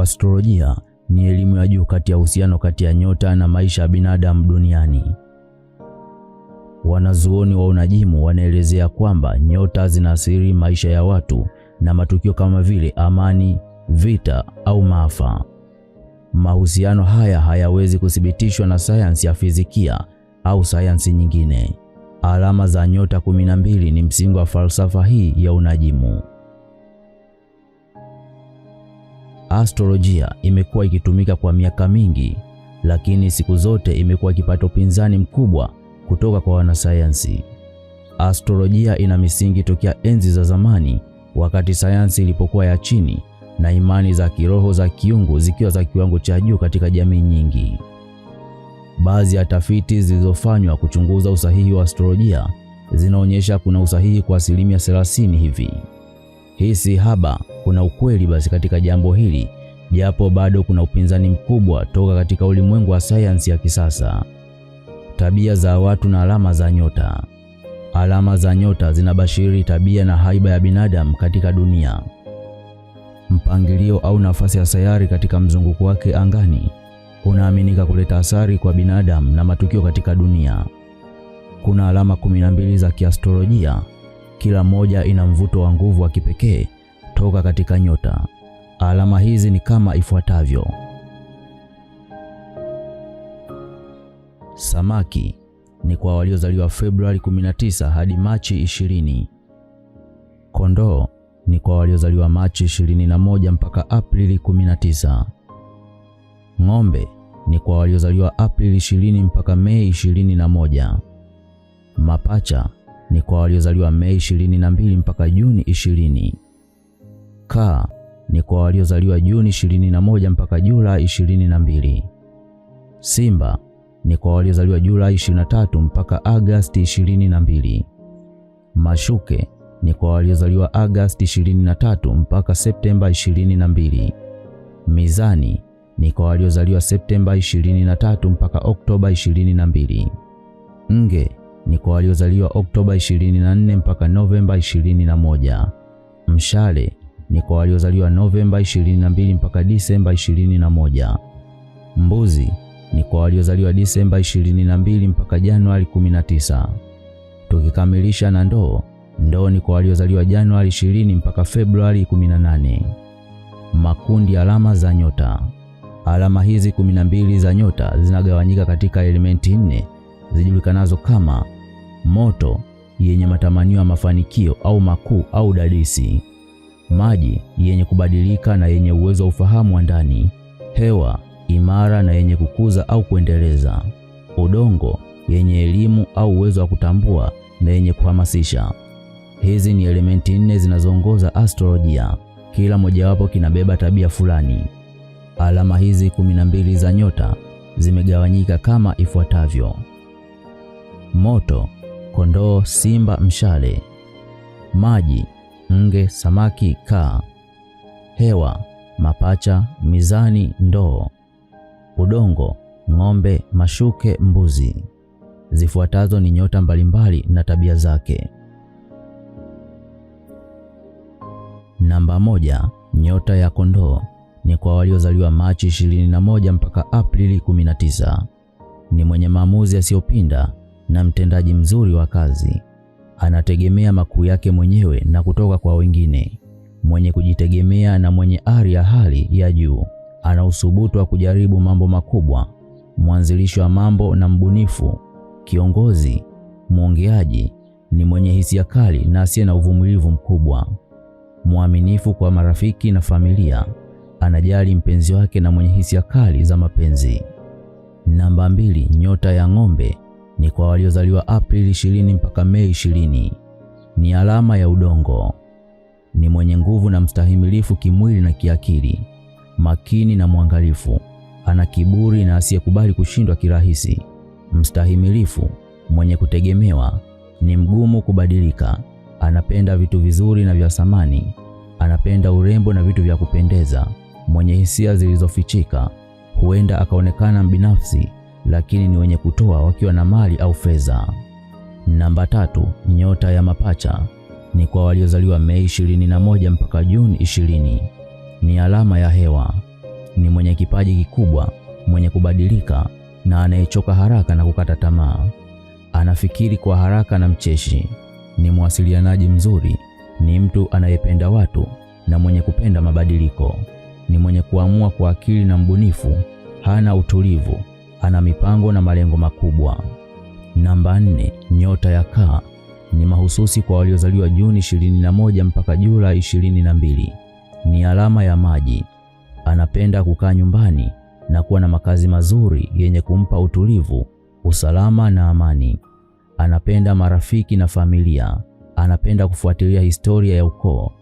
kuwa astrolojia ni elimu ya juu kati ya uhusiano kati ya nyota na maisha ya binadamu duniani. Wanazuoni wa unajimu wanaelezea kwamba nyota zinaathiri maisha ya watu na matukio kama vile amani, vita au maafa. Mahusiano haya hayawezi kuthibitishwa na sayansi ya fizikia au sayansi nyingine. Alama za nyota kumi na mbili ni msingi wa falsafa hii ya unajimu. Astrolojia imekuwa ikitumika kwa miaka mingi, lakini siku zote imekuwa ikipata upinzani mkubwa kutoka kwa wanasayansi. Astrolojia ina misingi tokea enzi za zamani, wakati sayansi ilipokuwa ya chini na imani za kiroho za kiungu zikiwa za kiwango cha juu katika jamii nyingi. Baadhi ya tafiti zilizofanywa kuchunguza usahihi wa astrolojia zinaonyesha kuna usahihi kwa asilimia 30 hivi. Hii si haba, kuna ukweli basi katika jambo hili, japo bado kuna upinzani mkubwa toka katika ulimwengu wa sayansi ya kisasa. Tabia za watu na alama za nyota. Alama za nyota zinabashiri tabia na haiba ya binadamu katika dunia. Mpangilio au nafasi ya sayari katika mzunguko wake angani unaaminika kuleta athari kwa binadamu na matukio katika dunia. Kuna alama kumi na mbili za kiastrolojia kila moja ina mvuto wa nguvu wa kipekee toka katika nyota. Alama hizi ni kama ifuatavyo: Samaki ni kwa waliozaliwa Februari 19 hadi Machi 20. Kondoo ni kwa waliozaliwa Machi 21 mpaka Aprili 19. Ng'ombe ni kwa waliozaliwa Aprili 20 mpaka Mei 21. Mapacha ni kwa waliozaliwa Mei 22 mpaka Juni 20. K ni kwa waliozaliwa Juni 21 mpaka Julai 22. Simba ni kwa waliozaliwa Julai 23 mpaka Agosti 22. Mashuke ni kwa waliozaliwa Agosti 23 mpaka Septemba 22. Mizani ni kwa waliozaliwa Septemba 23 mpaka Oktoba 22. Nge ni kwa waliozaliwa Oktoba 24 mpaka Novemba 21. Mshale ni kwa waliozaliwa Novemba 22 mpaka Disemba 21. Mbuzi ni kwa waliozaliwa Disemba 22 mpaka Januari 19. Tukikamilisha na ndoo, ndoo ni kwa waliozaliwa Januari 20 mpaka Februari 18. Makundi alama za nyota. Alama hizi 12 za nyota zinagawanyika katika elementi nne zijulikanazo kama moto yenye matamanio ya mafanikio au makuu au dadisi, maji yenye kubadilika na yenye uwezo wa ufahamu wa ndani, hewa imara na yenye kukuza au kuendeleza, udongo yenye elimu au uwezo wa kutambua na yenye kuhamasisha. Hizi ni elementi nne zinazoongoza astrolojia. Kila mojawapo kinabeba tabia fulani. Alama hizi kumi na mbili za nyota zimegawanyika kama ifuatavyo moto, kondoo, simba, mshale; maji, nge, samaki, kaa; hewa, mapacha, mizani, ndoo; udongo, ng'ombe, mashuke, mbuzi. Zifuatazo ni nyota mbalimbali na tabia zake. Namba moja, nyota ya kondoo ni kwa waliozaliwa Machi 21 mpaka Aprili 19. Ni mwenye maamuzi asiyopinda na mtendaji mzuri wa kazi. Anategemea makuu yake mwenyewe na kutoka kwa wengine, mwenye kujitegemea na mwenye ari ya hali ya juu. Ana usubutu wa kujaribu mambo makubwa, mwanzilishi wa mambo na mbunifu, kiongozi, mwongeaji, ni mwenye hisia kali na asiye na uvumilivu mkubwa, mwaminifu kwa marafiki na familia, anajali mpenzi wake na mwenye hisia kali za mapenzi. Namba mbili, nyota ya ng'ombe ni kwa waliozaliwa Aprili 20 mpaka Mei 20. Ni alama ya udongo. Ni mwenye nguvu na mstahimilifu kimwili na kiakili, makini na mwangalifu, ana kiburi na asiyekubali kushindwa kirahisi, mstahimilifu, mwenye kutegemewa, ni mgumu kubadilika, anapenda vitu vizuri na vya samani anapenda urembo na vitu vya kupendeza, mwenye hisia zilizofichika, huenda akaonekana mbinafsi lakini ni wenye kutoa wakiwa na mali au fedha. Namba tatu, nyota ya mapacha ni kwa waliozaliwa Mei 21 mpaka Juni 20. Ni alama ya hewa, ni mwenye kipaji kikubwa, mwenye kubadilika na anayechoka haraka na kukata tamaa. Anafikiri kwa haraka na mcheshi, ni mwasilianaji mzuri, ni mtu anayependa watu na mwenye kupenda mabadiliko. Ni mwenye kuamua kwa akili na mbunifu, hana utulivu ana mipango na malengo makubwa. Namba nne, nyota ya Kaa ni mahususi kwa waliozaliwa Juni 21 mpaka Julai 22. Ni alama ya maji. Anapenda kukaa nyumbani na kuwa na makazi mazuri yenye kumpa utulivu, usalama na amani. Anapenda marafiki na familia. Anapenda kufuatilia historia ya ukoo.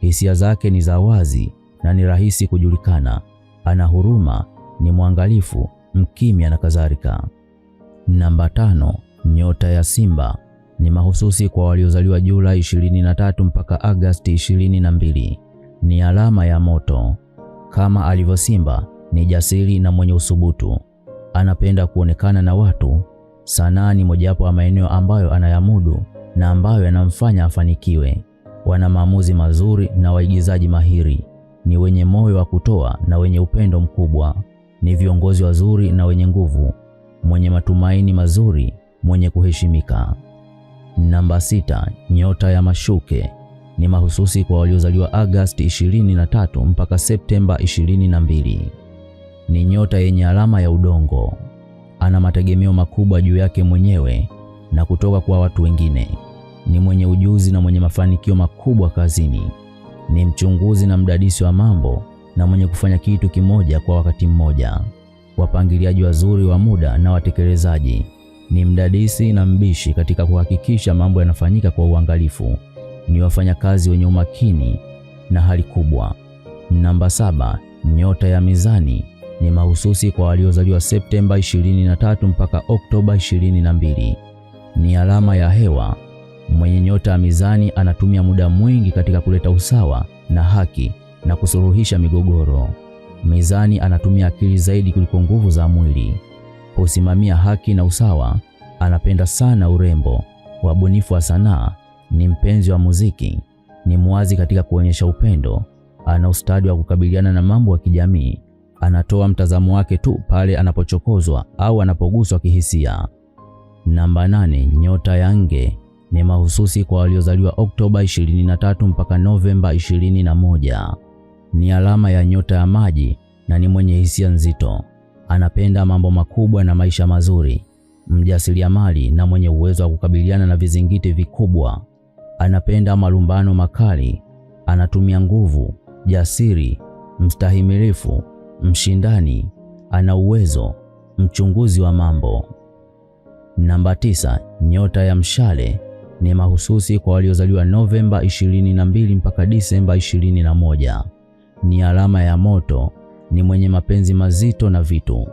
Hisia zake ni za wazi na ni rahisi kujulikana. Ana huruma, ni mwangalifu mkimya na kadhalika. Namba tano, nyota ya Simba ni mahususi kwa waliozaliwa Julai 23 mpaka Agosti 22. Ni alama ya moto kama alivyo simba. Ni jasiri na mwenye usubutu, anapenda kuonekana na watu. Sanaa ni mojawapo ya maeneo ambayo anayamudu na ambayo yanamfanya afanikiwe. Wana maamuzi mazuri na waigizaji mahiri, ni wenye moyo wa kutoa na wenye upendo mkubwa ni viongozi wazuri na wenye nguvu, mwenye matumaini mazuri, mwenye kuheshimika. Namba sita, nyota ya mashuke ni mahususi kwa waliozaliwa Agosti 23 mpaka Septemba 22. Ni nyota yenye alama ya udongo. Ana mategemeo makubwa juu yake mwenyewe na kutoka kwa watu wengine. Ni mwenye ujuzi na mwenye mafanikio makubwa kazini. Ni mchunguzi na mdadisi wa mambo na mwenye kufanya kitu kimoja kwa wakati mmoja, wapangiliaji wazuri wa muda na watekelezaji, ni mdadisi na mbishi katika kuhakikisha mambo yanafanyika kwa uangalifu, ni wafanyakazi wenye umakini na hali kubwa. Namba saba, nyota ya mizani ni mahususi kwa waliozaliwa Septemba 23 mpaka Oktoba 22. Ni alama ya hewa. Mwenye nyota ya mizani anatumia muda mwingi katika kuleta usawa na haki na kusuluhisha migogoro. Mizani anatumia akili zaidi kuliko nguvu za mwili. Husimamia haki na usawa. Anapenda sana urembo, wabunifu wa sanaa, ni mpenzi wa muziki, ni mwazi katika kuonyesha upendo. Ana ustadi wa kukabiliana na mambo ya kijamii. Anatoa mtazamo wake tu pale anapochokozwa au anapoguswa kihisia. Namba nane, nyota ya nge ni mahususi kwa waliozaliwa Oktoba 23 mpaka Novemba 21. Ni alama ya nyota ya maji na ni mwenye hisia nzito. Anapenda mambo makubwa na maisha mazuri, mjasiriamali na mwenye uwezo wa kukabiliana na vizingiti vikubwa. Anapenda malumbano makali, anatumia nguvu, jasiri, mstahimilifu, mshindani, ana uwezo, mchunguzi wa mambo. Namba tisa, nyota ya mshale ni mahususi kwa waliozaliwa Novemba 22 mpaka Disemba 21 ni alama ya moto, ni mwenye mapenzi mazito na vitu,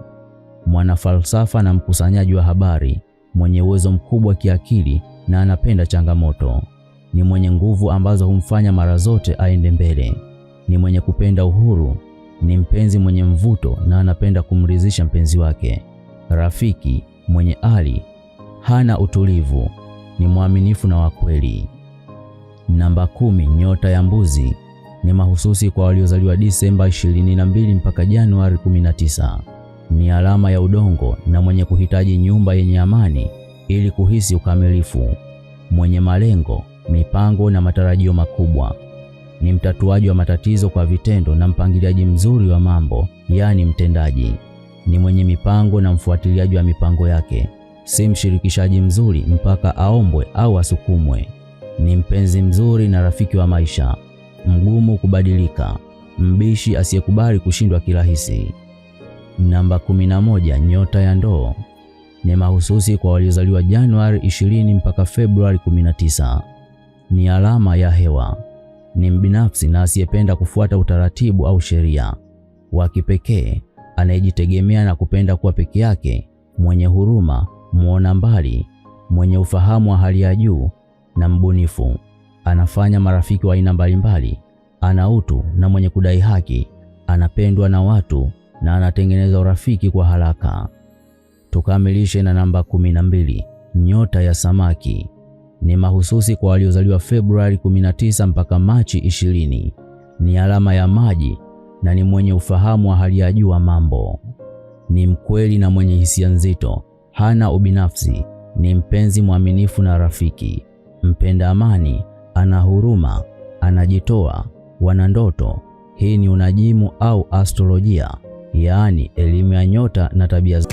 mwanafalsafa na mkusanyaji wa habari, mwenye uwezo mkubwa kiakili na anapenda changamoto, ni mwenye nguvu ambazo humfanya mara zote aende mbele, ni mwenye kupenda uhuru, ni mpenzi mwenye mvuto na anapenda kumridhisha mpenzi wake, rafiki mwenye ali, hana utulivu, ni mwaminifu na wa kweli. Namba kumi, nyota ya mbuzi ni mahususi kwa waliozaliwa Disemba 22 mpaka Januari 19. Ni alama ya udongo na mwenye kuhitaji nyumba yenye amani ili kuhisi ukamilifu, mwenye malengo, mipango na matarajio makubwa. Ni mtatuaji wa matatizo kwa vitendo na mpangiliaji mzuri wa mambo, yaani mtendaji. Ni mwenye mipango na mfuatiliaji wa mipango yake, si mshirikishaji mzuri mpaka aombwe au asukumwe. Ni mpenzi mzuri na rafiki wa maisha mgumu kubadilika, mbishi asiyekubali kushindwa kirahisi. Namba 11, nyota ya ndoo ni mahususi kwa waliozaliwa Januari 20 mpaka Februari 19. Ni alama ya hewa, ni mbinafsi na asiyependa kufuata utaratibu au sheria, wa kipekee anayejitegemea na kupenda kuwa peke yake, mwenye huruma, muona mbali, mwenye ufahamu wa hali ya juu na mbunifu anafanya marafiki wa aina mbalimbali, ana utu na mwenye kudai haki, anapendwa na watu na anatengeneza urafiki kwa haraka. Tukamilishe na namba kumi na mbili, nyota ya samaki ni mahususi kwa waliozaliwa Februari 19 mpaka Machi 20. Ni alama ya maji na ni mwenye ufahamu wa hali ya juu wa mambo. Ni mkweli na mwenye hisia nzito, hana ubinafsi, ni mpenzi mwaminifu na rafiki, mpenda amani ana huruma, anajitoa, wana ndoto. Hii ni unajimu au astrolojia, yaani elimu ya nyota na tabia